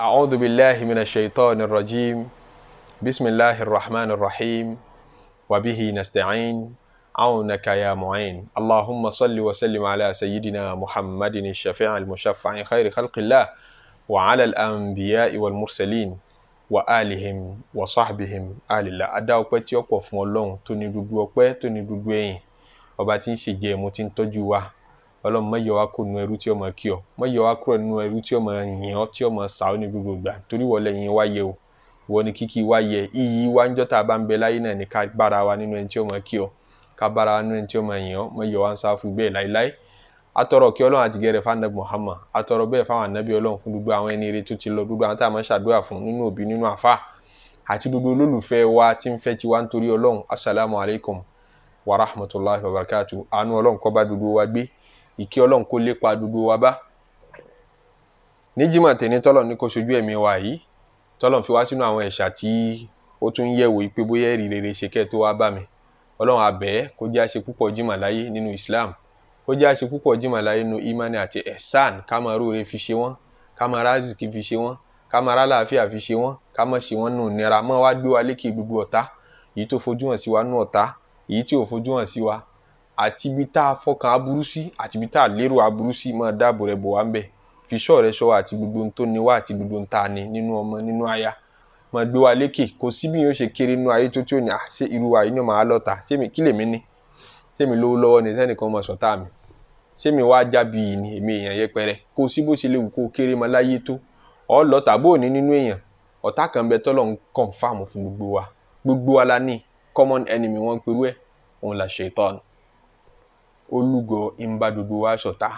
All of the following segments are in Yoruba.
أعوذ بالله من الشيطان الرجيم بسم الله الرحمن الرحيم وبه نستعين عونك يا معين اللهم صل وسلم على سيدنا محمد الشفيع المشفع خير خلق الله وعلى الأنبياء والمرسلين وآلهم وصحبهم آل الله adá ọpẹ́ tí ọ̀pọ̀ fún Ọlọ́run tó ní gbogbo ọpẹ́ tó ní gbogbo ẹ̀yìn ọlọ́run má yọ wá kó nu ẹrú tí ọmọ kí ọ má yọ wá kúrò nu ẹrú tí ọmọ yìn ọ tí ọmọ sàó ní gbogbo gbà torí wọlé yìn wá yẹ o ìwọ ni kíkí wá yẹ iyì wá ń jọ́ta bá ń bẹ láyé náà ní ká bára wa nínú ẹni tí ọmọ kí ọ ká bára wa nínú ẹni tí ọmọ yìn ọ má yọ wá ń sá fún bẹ́ẹ̀ láíláí atọrọ kí ọlọ́run àti gẹrẹ fún anabi Muhammad atọrọ bẹ́ẹ̀ fáwọn anabi ọlọ́run fún gbogbo àwọn ẹni ire tó ti lọ ìkẹ́ ọlọ́run kó lépa gbogbo wa bá níjìmọ̀ tẹ̀ní tọ́lọ̀ ní kó ṣojú ẹ̀mí wa yìí tọ́lọ̀ fi wá sínú àwọn ẹ̀ṣà tí ó tún ń yẹ̀wò pé bóyá ẹ̀rí rere ṣe kẹ́ tó wá bá mi ọlọ́run abẹ́ kó jẹ́ àṣe púpọ̀ jìmọ̀ láyé nínú Islam kó jẹ́ àṣe púpọ̀ jìmọ̀ láyé nínú imani àti ẹ̀sán ká máa róore fi ṣe wọ́n ká máa rázìkì fi ṣe wọ́n ká máa rálàáfíà fi ṣe wọ́n ká máa ṣe wọ́n nù nira máa wá gbé wa lékè gbogbo ọ̀tá èyí tó fojú hàn sí wa nù ọ̀tá èyí tí ò fojú hàn sí wa àti ibi tá a fọkàn aburú sí àti ibi tá a lérò aburú sí máa dáàbò rẹ bò wá ń bẹ̀ fi ṣọ́ rẹ ṣọ́ àti gbogbo tó ní wá àti gbogbo tá a ní nínú ọmọ nínú aya máa gbé wa lékè kò sí bí yóò ṣe kéré nínú ayé tó tí ò ní à ah, ṣe irú wa yìí náà máa lọ́ta kí lèmi ní sẹ́mi lówó lọ́wọ́ ni sẹ́nìkan máa sọ̀tá mi sẹ́mi wá jábì yìí ni èmi èèyàn yẹpẹrẹ kò sí bó ṣe léwu kó kéré mọ́ láyé tó ọ lọ́ta bó ní nínú èèyàn ọ̀tá kan bẹ tọ́lọ̀ ń kọ̀ǹfàmù fún gbogbo wa gbogbo wa la ní common enemy wọn pẹ̀lú ẹ̀ òun la ṣètánì Olugo ìmúba dodo wa ṣọ̀tá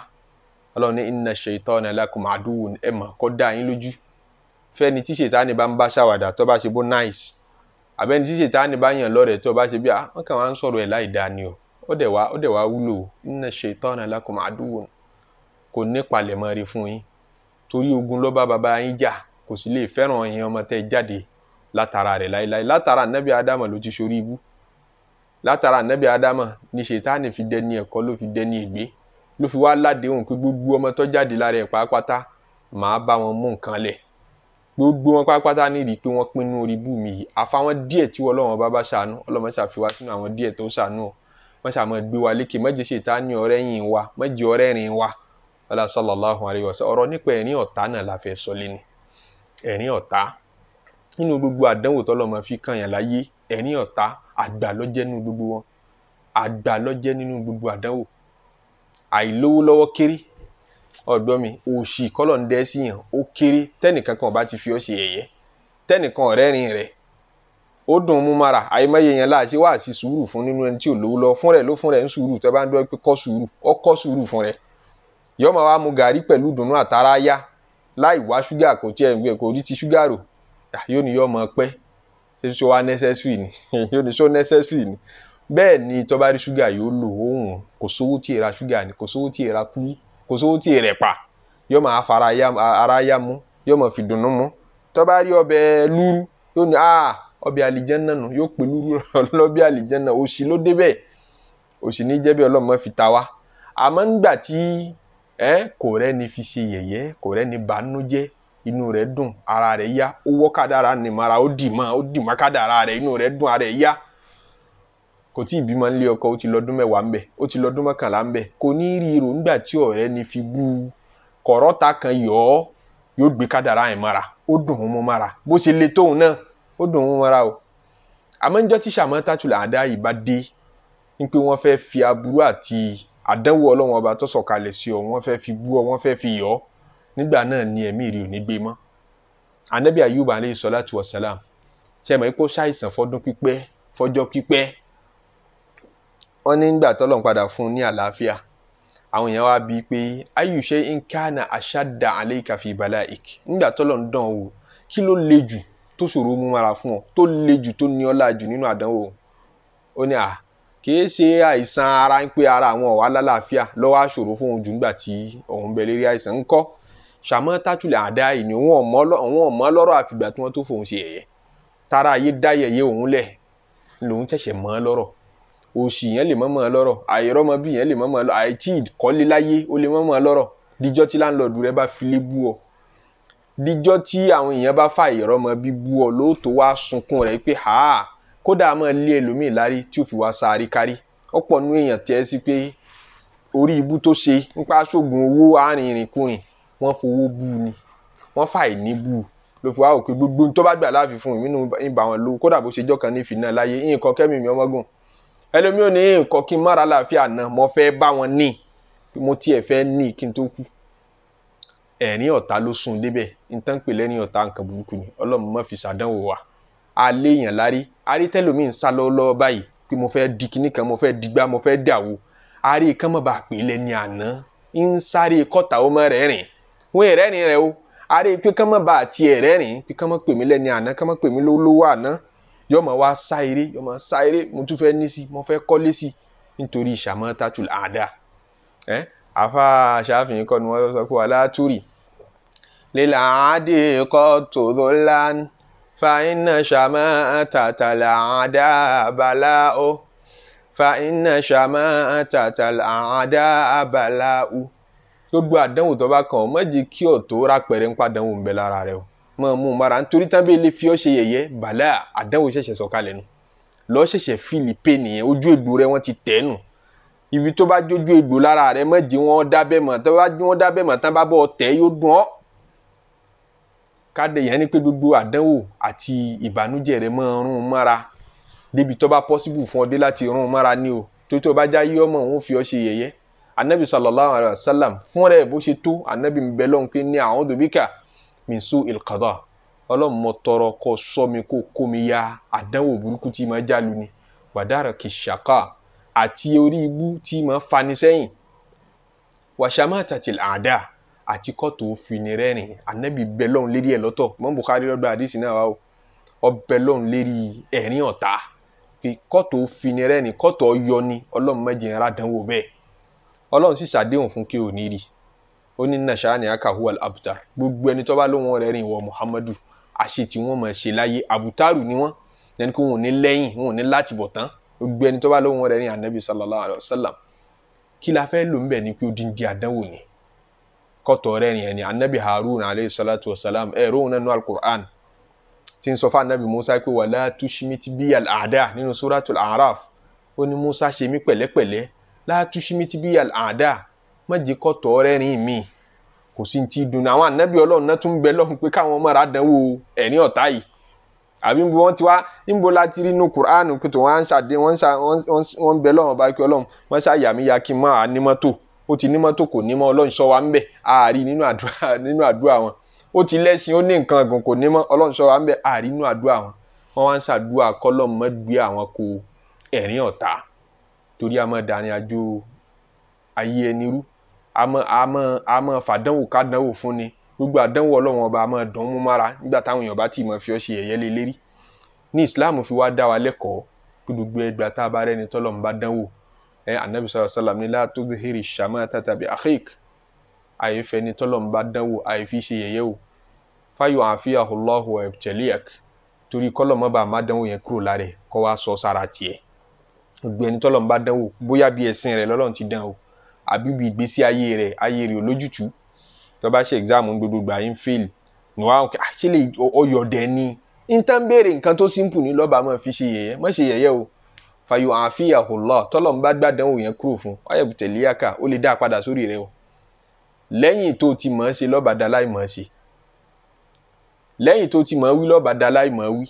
ọlọ́run ní inna shaytana lakum aduwwun ẹ̀ mọ̀ kọ́ dá yín lójú fẹ́ni tí ṣètánì bá ń bá ṣàwàdà tó bá ṣe bó nice àbẹ́ni tí ṣètánì bá yàn lọ́rẹ̀ẹ́ tó bá ṣe bí ah, wọ́n kàn wá ń sọ̀rọ̀ ẹ̀ láì dáa ni o ó dẹ̀ wá ó dẹ̀ wá wúlò inna shaytana lakum aduwwun kò ní palẹ̀mọ́ rí fún yín torí ogun ló bá baba yín jà kò sì lè fẹ́ràn yín ọmọ tẹ́ jáde látara rẹ̀ láéláé látara nábì ádámà ló ti ṣorí ibú látara ànábì ádámà ni ṣètánì fi dẹni ẹ̀kọ́ ló fi dẹni ègbé ló fi wá ládéhùn pé gbogbo ọmọ tó jáde lára ẹ̀ pátápátá màá bá wọn mú nǹkan lẹ̀ gbogbo wọn pátápátá ní ìdí pé wọ́n pinnu orí bù mí yìí àfàwọn díẹ̀ tí Ọlọ́run bá bá ṣàánú Ọlọ́run ṣàfiwá sínú àwọn díẹ̀ tó ṣàánú ọ wọn ṣàmọ gbé wa lékè mẹjẹ ṣètánì ọ̀rẹ́ yìn wa mẹjẹ ọ̀rẹ́ rìn wa ọlá sallallahu alaihi nípa ẹ̀rín ọ̀tá náà la fẹ́ sọ lẹni ẹ̀rín ọ̀tá nínú gbogbo àdánwò tọlọmọ fi kàn yàn láyé ẹ̀rín ọ̀tá àgbà lọ́jẹ́ nínú gbogbo wọn àgbà lọ́jẹ́ nínú gbogbo àdánwò àìlówó lọ́wọ́ kéré ọ̀dọ́ mi òṣì kọ́lọ̀ ń dẹ́ sí yàn ó kéré tẹ́nìkan kan ò bá ti fi ọ́ ṣe ẹ̀yẹ tẹ́nìkan ọ̀rẹ́rin rẹ̀ ó dùn mú mara àìmọye yẹn láàṣẹ wá sí sùúrù fún nínú ẹni tí ò lówó lọ fún rẹ̀ ló fún rẹ̀ ń sùúrù tẹ́ bá ń dọ́ pé kọ́ sùúrù ọ kọ́ sùúrù fún rẹ̀ yọmọ wa mu gàrí pẹ̀lú dùnú àtàrà yá láì wá ṣúgà kò tiẹ̀ kò rí ti ṣúgà rò yóò ní yọmọ pẹ́ ṣé ṣó wá necessary ni yóò ní ṣó necessary ni bẹ́ẹ̀ ni tó bá rí ṣúgà yóò lò òun kò sówó tí èra ṣúgà ni kò sówó tí èra kú kò sówó tí èrè pa yóò máa fara ara yá mu yóò máa fi dùnnú mu tó rí ọbẹ̀ lúrú yóò ní ah ọbẹ̀ àlìjẹ́nà nù yóò pè lúrú lọ́bẹ̀ àlìjẹ́nà òṣì ló débẹ̀ òṣì ní jẹ́bi ọlọ́mọ fi ta wá àmọ́ nígbà tí kò rẹ́ni fi ṣe yẹ̀yẹ́ kò rẹ́ni bànújẹ́ inú rẹ̀ dùn ara rẹ̀ yá ó wọ́ kádàrá nìmara ó dì mọ́ ó dì mọ́ kádàrá rẹ̀ inú rẹ̀ dùn ara rẹ̀ yá kò tí ì bímọ nílé ọkọ ó ti lọ́dún mẹ́wàá ń bẹ ó ti lọ́dún mọ́kànlá ń bẹ kò ní rí irò nígbà tí ọ̀rẹ́ ni fi bú u kọ̀rọ́ta kan yọ̀ ọ́ yóò gbé kádàrá yẹn mọ́ra ó dùn ún mú mọ́ra bó ṣe le tóun náà ó dùn ún mọ́ra o àmọ́ níjọ́ tí sàmọ́tàtù làdá yìí bá dé ní pé wọ́n fẹ́ fi aburú àti àdánwò ọlọ́wọ́n ọba tó sọ̀kalẹ̀ sí ọ wọ́n fẹ́ fi bú ọ wọ́n fẹ́ fi yọ̀ ọ́ nígbà náà ni ẹ̀mí rí ò gbé mọ́ anabi ayuba aleyhi salatu wa salam tí ẹ mọ̀ pé ṣàìsàn fọdún pípẹ́ fọjọ́ pípẹ́ wọ́n ní nígbà tọ́lọ̀ ń padà fún un ní àlàáfíà àwọn èèyàn wá bíi pé balaik nígbà tọ́lọ̀ o kí ló le jù tó ṣòro mú mara fún ọ tó le jù tó ṣe àìsàn ara ń pé ara àwọn ọ̀wá lálàáfíà lọ́wọ́ àṣòro fún òun jù nígbà tí òun bẹ lérí sàmọ́ tátùlẹ̀ àdá ìní wọn mọ́ lọ́rọ̀ àfìgbà tí wọ́n tó fòun ṣe ẹ̀yẹ tara ayé dá yẹyẹ òun lẹ̀ lòun tẹ̀sẹ̀ mọ́ lọ́rọ̀ òṣì yẹn lè mọ́ mọ́ lọ́rọ̀ àìrọ́mọ bí yẹn lè mọ́ mọ́ lọ́rọ̀ àìtí ìkọ́lé láyé ó lè mọ́ mọ́ lọ́rọ̀ díjọ́ tí láńlọ́ọ̀dù rẹ bá filé bú ọ díjọ́ tí àwọn èèyàn bá fa àìrọ́mọ bí bú ọ lóòótọ́ wá sunkún rẹ pé ha kódà máa lé ẹlòmíì lárí tí ó fi wá sáré kárí ọ̀pọ̀ nú èèyàn tẹ́ sí pé orí ibú tó ṣe nípa aṣoògùn owó arìnrìnkùnrin wọ́n fowó bú ni wọ́n fà ìní bú ló fi wá òkè gbogbo tó bá gbà láàfin fún ìmínú ìbà wọn lówó kódà bó ṣe jọ́ kan ní ìfìnà láyé nǹkan kẹ́mi mi ọmọgùn ẹlòmíràn ní nǹkan kí n mára láàfin àná mo fẹ́ bá wọn ní mo tiẹ̀ fẹ́ ní kí n tó kú ẹ̀rín ọ̀tá ló sùn débẹ̀ nǹkan pè lẹ́rìn ọ̀tá nǹkan burúkú ni ọlọ́run má fi ṣàdánwò wa aléèyàn lárí arítẹ́lómi ń sá lọ́wọ́lọ́wọ́ báyìí pé mo fẹ́ di kinní kan mo fẹ́ digbá mo fẹ́ dàwó arí kan mọ̀ bá pè lẹ́ni àná ń sáré kọ́ta ọmọ rẹ̀ rìn wọn èrè ni rẹ o àrẹ pé kán mọ bá àti èrè ni pé kán mọ pè mí lẹ́ni àná kán mọ pè mí lówó àná yọ mọ wá sá eré yọ mọ sá eré mo tún fẹ́ ní sí mo fẹ́ kọ́lé sí nítorí ìṣàmọ́ tatul àdá ẹ afa aṣáfihàn kọ́ ni wọ́n sọ pé wà látúrì lílà àádé kọ́ tòró lán fàáyínà ṣàmọ́ tàtàlà àdá àbálá ó fàáyínà ṣàmọ́ tàtàlà àdá àbálá ó gbogbo àdánwò tó bá kàn ọ́ mọ́jì kí ọ̀ tó rà pẹ̀rẹ̀ ń padà ń bẹ lára rẹ o mọ́ mú un mara nítorí tán bẹ́ẹ̀ lè fi ọ́ ṣe yẹ̀yẹ́ bàlẹ́ àdánwò ṣẹ̀ṣẹ̀ sọ̀kalẹ̀ nu lọ́ ṣẹ̀ṣẹ̀ fìlì pé nìyẹn ojú ègbò rẹ wọ́n ti tẹ̀ nù ibi tó bá jójú ègbò lára rẹ mọ́jì wọn dábẹ́ mọ̀ tó bá wọn dábẹ́ mọ̀ tán bá bọ́ ọ tẹ̀ yóò dùn ọ́ káde yẹn ni pé gbogbo àdánwò àti ìbànújẹ́ rẹ mọ́ rún mọ́ra débi tó bá pọ́síbù fún ọdẹ láti rún mọ́ra ni o tó tó bá já yí ọmọ òun fi ọ ṣe yẹ̀yẹ́ anabi sallallahu alayhi wa sallam fún rẹ̀ bó ṣe tó anabi ń bẹ lọ́n pé ní a'udhu bika min su'il qada ọlọ́run mo tọrọ kó ṣọ́ mi kó kó mi ya àdánwò burúkú tí ma já lu ni wàdàrà kì ṣàkà àti orí ibú tí ma fani sẹ́yìn wàṣàmà tàtìl àdá àti kọ́tò òfin rẹ́rìn anabi bẹ lérí ẹ̀ lọ́tọ̀ mọ́ Bukhari lọ́dọ̀ àdìsí náà wà ó ọbẹ̀ lérí ẹ̀rín ọ̀tá kọ́tò òfin rẹ́rìn kọ́tò ọyọ ni ọlọ́run mẹ́jẹ̀ ń ra bẹ́ẹ̀ ọlọ́run sì ṣàdéhùn fún kí o ní ó ní nàṣà ni aka huwal abutar gbogbo ẹni tó bá lóun rẹ̀ rìn wọ muhammadu àṣe tí wọ́n máa ṣe láyé abutaru ni wọ́n ẹni pé wọn ò ní lẹ́yìn wọn ò ní láti bọ̀ tán gbogbo ẹni tó bá lóun rẹ̀ rìn anabi sallallahu alayhi wa sallam kí la fẹ́ lò ń bẹ̀ ni pé ó dín di àdánwò ni kọ́tọ̀ rẹ̀ rìn ẹni anabi harun alayhi salatu wa salam ẹ̀ róhun nínú alukur'an tí ń sọ fún anabi musa pé wàlá tushimiti bíi al-ada nínú suratul araf ó ní musa ṣe mí pẹ̀lẹ́pẹ̀lẹ́ látúnṣímítì bíi àdá má jẹ́ kó tọ́ rẹ́rìn mi kò sí ti dùn àwọn ànábì ọlọ́run náà tún bẹ lọ́hùn pé káwọn ọmọ rà dánwò ẹ̀rín ọ̀tá yìí àbí nbo wọn ti wá nbo láti rí inú Qur'an pé tó wọn ṣàdé wọn ṣà bẹ lọ́wọ́n bá kí ọlọ́run wọn ṣàyàmí ya kí n máa ní mọ́tò ó ti ní mọ́tò kò ní mọ́ ọlọ́run sọ wa ń bẹ̀ ààrí nínú àdúrà wọn ó ti lẹ́sìn ó ní nǹkan ọ̀gùn kò ní mọ́ ọlọ́run sọ wa ń bẹ̀ ààrí nínú àdúrà wọn wọn wá ń ṣàdúrà kọ́lọ́ torí ame máa dàrin àjò ayé ẹni rú a máa a máa ni gbogbo àdánwò ọlọ́wọ́n ọba a máa dán mú mára nígbà táwọn èèyàn bá tì mọ́ fi si ṣe ẹ̀yẹ́ lé lérí ní Islam fi wá dá wa lẹ́kọ̀ọ́ pé gbogbo ẹgbàá tá a bá rẹ́ni tọ́lọ́run bá dánwò ẹ anabi sọlá sálàm ní láàtó hiri sàmà tàbí akhik àyèfẹ́ ni tọ́lọ́run bá dánwò àyèfi ṣe yẹ̀yẹ́ o fáyọ̀ àfihàn ọlọ́hùn ẹ̀ tẹ̀lé ẹ̀k torí kọ́lọ́mọba àmàdánwò yẹn kúrò lára ẹ̀ kọ́ wa sọ sára tiẹ̀ gbogbo ẹni tọ́lọ́run bá dánwò bóyá bí ẹ̀sìn rẹ̀ lọ́lọ́run ti dánwò àbí bí ìgbésí ayé rẹ̀ ayé rẹ̀ olójútùú tó bá ṣe exam gbogbo gbà yín fail ní wàá kí ah, ṣe lè ọyọ̀dẹ̀ ni n tán béèrè nǹkan tó simple ní lọ́ba máa fi ṣe yẹ̀yẹ́ má ṣe yẹ̀yẹ́ o fàyò àfihàn lọ tọ́lọ́run bá gbàdánwò yẹn kúrò fún ọyẹ̀bù tẹ̀lé yàkà ó lè dá a padà sórí rẹ o lẹ́yìn tó ti mọ̀ ọ́ ṣe lọ́ba dá láì mọ̀ ọ́ ṣe lẹ́yìn tó ti mọ̀ ọ́ wí lọ́ba dá láì mọ̀ ọ́ wí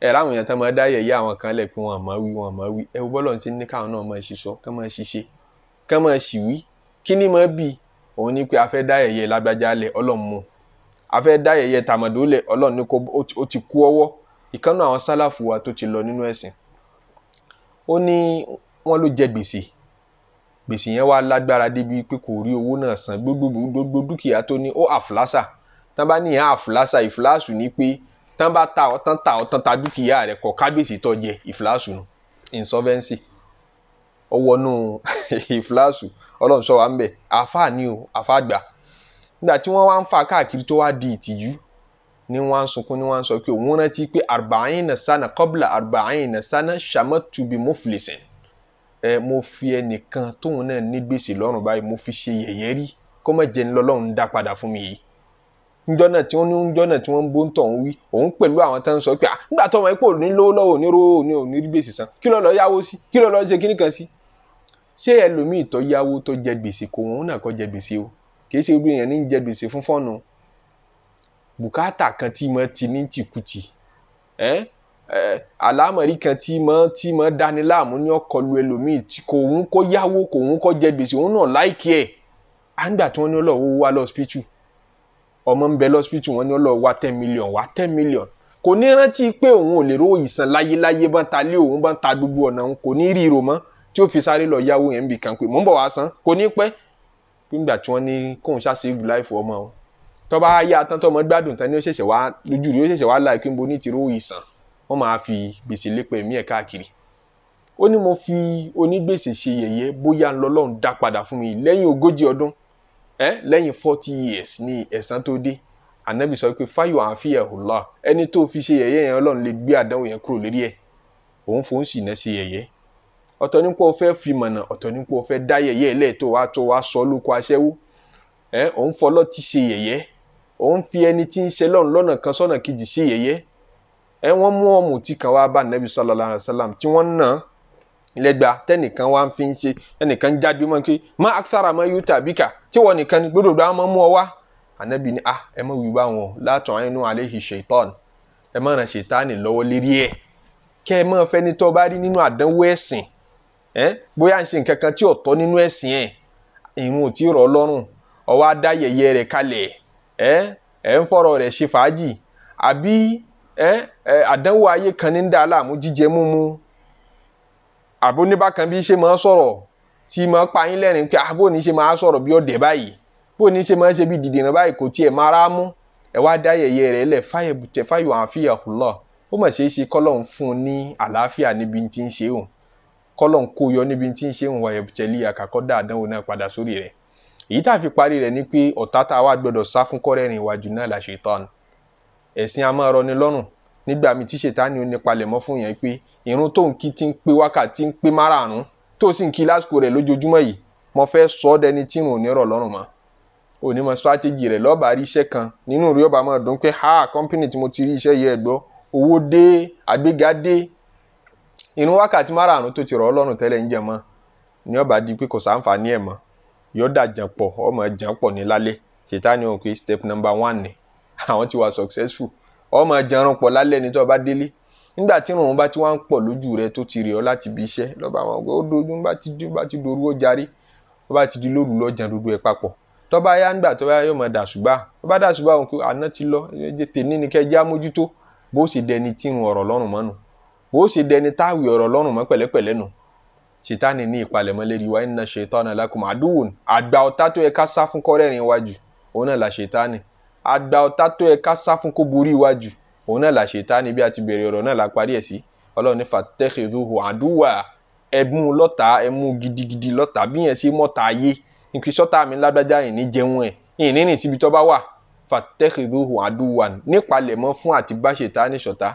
ẹ láwọn èèyàn tán máa dá yẹ̀yẹ́ àwọn kan lẹ̀ pé wọ́n mọ̀ wí wọ́n mọ̀ wí ẹ wo bọ́lọ̀ ti ní káwọn náà máa ṣiṣọ́ kán máa ṣiṣẹ́ kán máa ṣì wí kí ni máa bì òun ni pé a fẹ́ dá yẹ̀yẹ́ lágbájá lẹ̀ ọlọ́run mú a fẹ́ dá yẹ̀yẹ́ tàmọ̀dó lẹ̀ ọlọ́run ní kó ó ti kú ọwọ́ ìkànnà àwọn sálàfù wa tó ti lọ nínú ẹ̀sìn ó ní wọ́n ló jẹ gbèsè gbèsè yẹn wá lágbára débi pé kò rí owó náà san gbogbo dúkìá tó ní ó àfúlásà tán ní ìyá àfúlásà ìfúlásù ní pé tán bá ta ọtán ta ọtán ta dúkìá rẹ kọ kábíyèsí tó jẹ ìfìlásù nù insolvency ọwọ́nù ìfìlásù ọlọ́run sọ wa ń bẹ̀ àfa ni o àfa gbà nígbà tí wọ́n wá ń fa káàkiri tó wá di ìtìjú ni wọ́n á sunkún ni wọ́n á sọ pé òun rántí pé arba'in na sana kọ́bìlà arba'in na sana shamatu bi muflisin ẹ mo fi ẹnìkan tóun náà ní gbèsè lọ́rùn báyìí mo fi ṣe yẹ̀yẹ́ kó má jẹ́ ńlọ́lọ́run dá padà fún mi yìí njọ́ náà tí wọ́n ní njọ́ náà tí wọ́n ń bó ń tọ̀ ń wí òun pẹ̀lú àwọn tó ń sọ pé à nígbà tó wọn pé òní lówó lọ́wọ́ òní rówó òní òní rí gbèsè san kí ló yáwó sí kí ló ṣe kíní kan sí. ṣé ẹlòmíì tó yáwó tó jẹ gbèsè kò wọn náà kọ́ jẹ gbèsè o kì í ṣe gbogbo èèyàn ní jẹ gbèsè fún fọ́ọ̀nù bùkátà kan tí mo ti ní tìkùtì àlámọ̀rí kan tí mo tí mo dání láàmú ní ọkọlù ẹlòmíì kò ń kó yáwó ọmọ ń bẹ lọ́sibítù wọn ni ó lọ wá ten million wá ten million kò ní rántí pé òun ò lè rówó ìsàn láyéláyé bá ń ta lé òun bá ń ta gbogbo ọ̀nà òun kò ní rí irò mọ́ tí ó fi sáré lọ yáwó yẹn bì kan pé mò ń bọ̀ wá san kò ní pẹ́ nígbà tí wọ́n ní kóun ṣá save life ọmọ o tó bá yá tán tó ọmọ gbádùn tán ni ó ṣẹ̀ṣẹ̀ wá lójú rí ó ṣẹ̀ṣẹ̀ wá láì pé ń ní ti rówó ìsàn wọ́n máa fi gbèsè lépa ẹ̀mí ẹ̀ káàkiri ó ní mo fi onígbèsè ṣe yẹ̀yẹ́ bóyá ńlọ́lọ́run dá padà fún mi lẹ́yìn ogójì ọdún ẹ eh, lẹ́yìn forty years ní ẹ̀san tó dé ànábì sọ pé fáyọ̀ àfihàn ẹni tó fi ṣe yẹ̀yẹ́ yẹn ọlọ́run lè gbé àdánwò yẹn kúrò lórí ẹ̀ òun fòun sì ná ṣe yẹ̀yẹ́ ọ̀tọ̀ nípò ọ̀fẹ́ fi mọ̀nà ọ̀tọ̀ nípò ọ̀fẹ́ dá yẹ̀yẹ́ lẹ́ẹ̀tọ́ wa tó wa sọ lóko aṣẹ́wó ẹ eh, òun fọlọ́ ti ṣe yẹ̀yẹ́ òun fi ẹni tí ń ṣe lọ́run lọ́nà kan sọ́nà kejì ṣe yẹ̀yẹ́ ẹ eh, wọn mú ọmọ tí kan wá bá ànábì sallallahu alaihi wasallam tí wọ́n náà lẹgba tẹnìkan wá ń fi ń ṣe tẹnìkan jáde mọ pé má akitara má yóò tàbí kà tí wọn nìkan gbọdọ dá mọ mú ọ wá anabi ni ah ẹ má wí bá wọn látọ àyínú àlehi ṣètọ́n ẹ má ràn ṣètánì lọ́wọ́ lérí ẹ kẹ ẹ má fẹ́ ní tọ́ bá rí nínú àdánwò ẹ̀sìn ẹ bóyá ń ṣe nǹkan kan tí ò tọ́ nínú ẹ̀sìn ẹ ìrun ò tí rọ̀ lọ́rùn ọwọ́ adá yẹyẹ rẹ̀ kalẹ̀ ẹ ẹ ń fọ̀rọ̀ rẹ̀ ṣe fàájì àbí ẹ àdánwò ayé kan ní ń dá àbó ní bákan bí ṣe máa sọ̀rọ̀ tí máa pa yín lẹ́rìn pé àbó ah, ní ṣe máa sọ̀rọ̀ bí ọ̀dẹ̀ báyìí bó ní ṣe máa ṣe bí dìdìrín báyìí kò tiẹ̀ máa rá mú ẹ wá dá yẹyẹ rẹ lẹ fáyẹ bùtẹ fáyọ àfihàn fúlọ ó mà ṣeé ṣe kọlọ́n fún un ní àlàáfíà níbi tí ń ṣe òun kọlọ́n kó yọ níbi tí ń ṣe òun wáyẹ bùtẹ lé àkàkọ́ dáadáa náà padà sórí rẹ̀ èyí tá a fi parí rẹ̀ ni pé ọ̀tá tá a wá gbọdọ̀ sá fún kọ́rẹ́rìn iwájú náà la ṣètánì ẹ̀sìn a máa rọni lọ́rùn nígbà míì tí ṣètánì ò ní palẹ̀mọ́ fún yẹn pé irun tó ń kí ti ń pé wákàtí ń pé márààrún tó sì ń kí lásìkò rẹ̀ lójoojúmọ́ yìí mo fẹ́ sọ ọ́ dẹni tí irun ò ní rọ̀ lọ́rùn mọ́ onímọ̀ strategy rẹ̀ lọ́ọ́ bá rí iṣẹ́ kan nínú rí ọba máa dùn pé ha company tí mo ti rí iṣẹ́ yìí ẹ̀ gbọ́ owó dé àgbéga dé irun wákàtí márààrún tó ti rọ̀ lọ́rùn tẹ́lẹ̀ ń jẹ mọ́ ni ọba di pé kò sáǹfààní ẹ̀ mọ́ yọ̀ọ́dà jàn pọ̀ ọmọ jàn pọ̀ ní lálẹ́ ṣètá òun pé step number one ni àwọn ti wà successful ọmọ jẹrun pọ̀ lálẹ́ ní tó bá délé nígbà tí irun bá ti wá ń pọ̀ lójú rẹ tó ti rè ọ́ láti bí iṣẹ́ lọ́ba wọn ó dojú bá ti di bá ti doru ó jarí ó bá ti di lóru lọ́jà dúdú ẹ papọ̀ tọ́ba yá ńgbà tọ́ba yá yóò mọ dàṣùbà tọ́ba dàṣùbà òun kò àná ti lọ tèmi ni kẹjá mójútó bó ṣe dẹni tí irun ọ̀rọ̀ lọ́rùn bó ṣe dẹni táwì ọ̀rọ̀ lọ́rùn mọ́ pẹ̀lẹ́pẹ̀lẹ́ nù ṣètánì ní ìpalẹ̀mọ́ lérí wa inna shaytana lakum aduwwun àgbà ọ̀tá tó yẹ ká sá fún kọ́rẹ́rìn iwájú òun náà la ṣètánì àgbà ọ̀tá tó yẹ ká sá fún kó borí iwájú òun náà la Ṣẹ̀tánì bí a ti bẹ̀rẹ̀ ọ̀rọ̀ náà la parí ẹ̀ sí ọlọ́run ní fàtẹ́kẹ̀dúhù àdúwà ẹ̀mú lọ́ta ẹ̀mú gidigidi lọ́ta bí yẹn ṣe mọ́ta ayé nkiri sọ́ta mi ládájá ìní jẹun ẹ̀ ìní nì síbi tó bá wà fàtẹ́kẹ̀dúhù àdúwà nípalẹ̀mọ́ fún àti bá Ṣẹ̀tánì ṣọ̀tá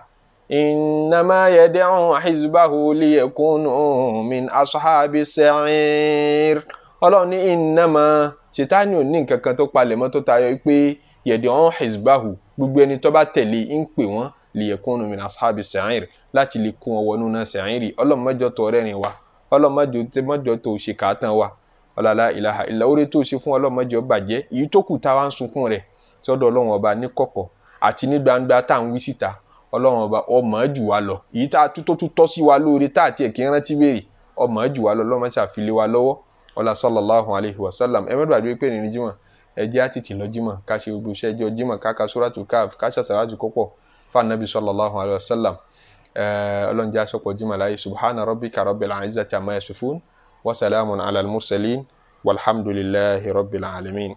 ìnàmá yẹdẹ ọ̀hún hizbahu liyakunu min ashabi sa'ir ọlọ́run ní ìnàmá Ṣẹ̀tánì ò ní nǹkan kan tó palẹ̀mọ́ tó tayọ pé yẹ̀dẹ̀ ọ̀hún hezbahu gbogbo ẹni tó bá tẹ̀lé ń pè wọ́n liyekunu min ashabi sa'ir láti lè kún ọwọ́ nínú sa'iri ọlọ́mọdé tó rẹ́rìn wa ọlọ́mọdé mọ́jọ tó ṣe kàátàn wa ọlọ́lá ilaha illa oore tó ṣe fún ọlọ́mọdé bàjẹ́ èyí tó kù táwa ń sunkún rẹ̀ sọ́dọ̀ ọlọ́run ọba ní kọ̀kọ̀ àti ní gbangba tá à ń wí síta ọlọ́run ọba ọmọ jù wá lọ èyí tá a tó tún tọ́ sí wa lóore tá àti ẹ̀kí rántí béèrè ọmọ jù wá lọ ọlọ́mọ ṣàfilé wa lọ́wọ́ ọlá sallallahu alayhi wa sallam ẹ mẹ́rin gbàgbé pé nínú jíwọ̀n ẹ jẹ́ á tètè lọ jímọ̀ ká ṣe gbogbo iṣẹ́ ẹjọ́ jímọ̀ ká ka sóràtù káf ká ṣàṣàràjù kọ́pọ̀ fànàbí sallallahu alayhi wa sallam ọlọ́run jẹ́ aṣọ́pọ̀ jímọ̀ láyé subhana rabbika rabbil izzati amma yasifun wa salamun ala rabbil alamin.